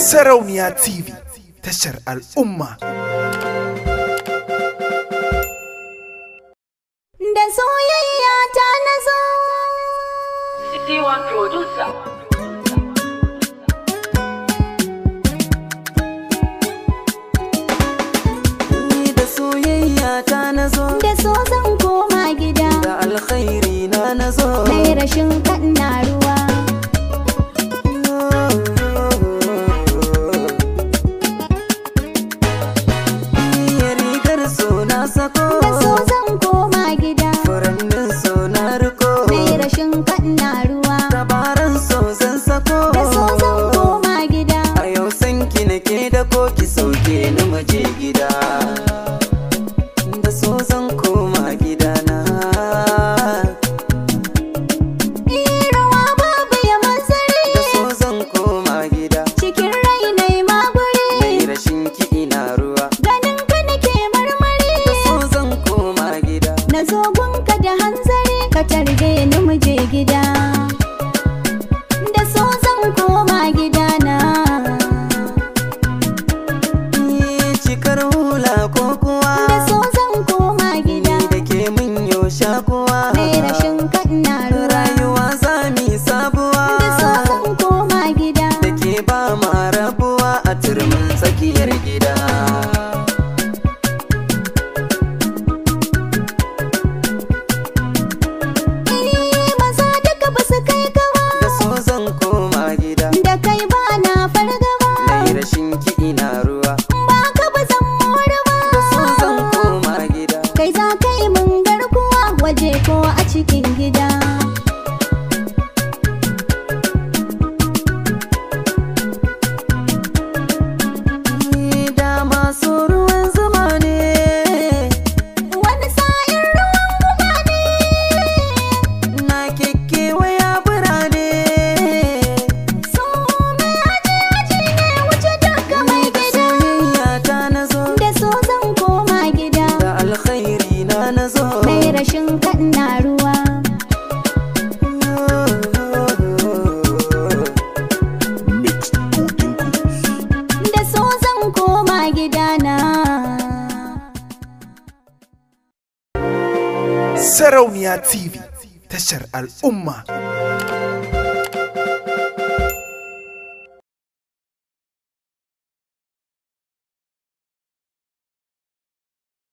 Sarauniya TV tashar al'umma. Da soyayya ta nazo. Da soyayya ta nazo. Da so zan koma gida. Da alkhairi na nazo. rashin ɗauke ni muje gida da so zan koma gidana rawa babu ya mazari, da so zan koma gida cikin rai na yi maguri mai rashin kiɗi na ruwa ganin ka nake marmari da so zan koma gida na zo gunka da hanzari ka tarbe ni cikinki ina ruwa ba ka ba zan mora ba da koma gida kai za kai yi mun garkuwa waje ko a ciki da so zan koma gidana sarauniya tv tashar al'umma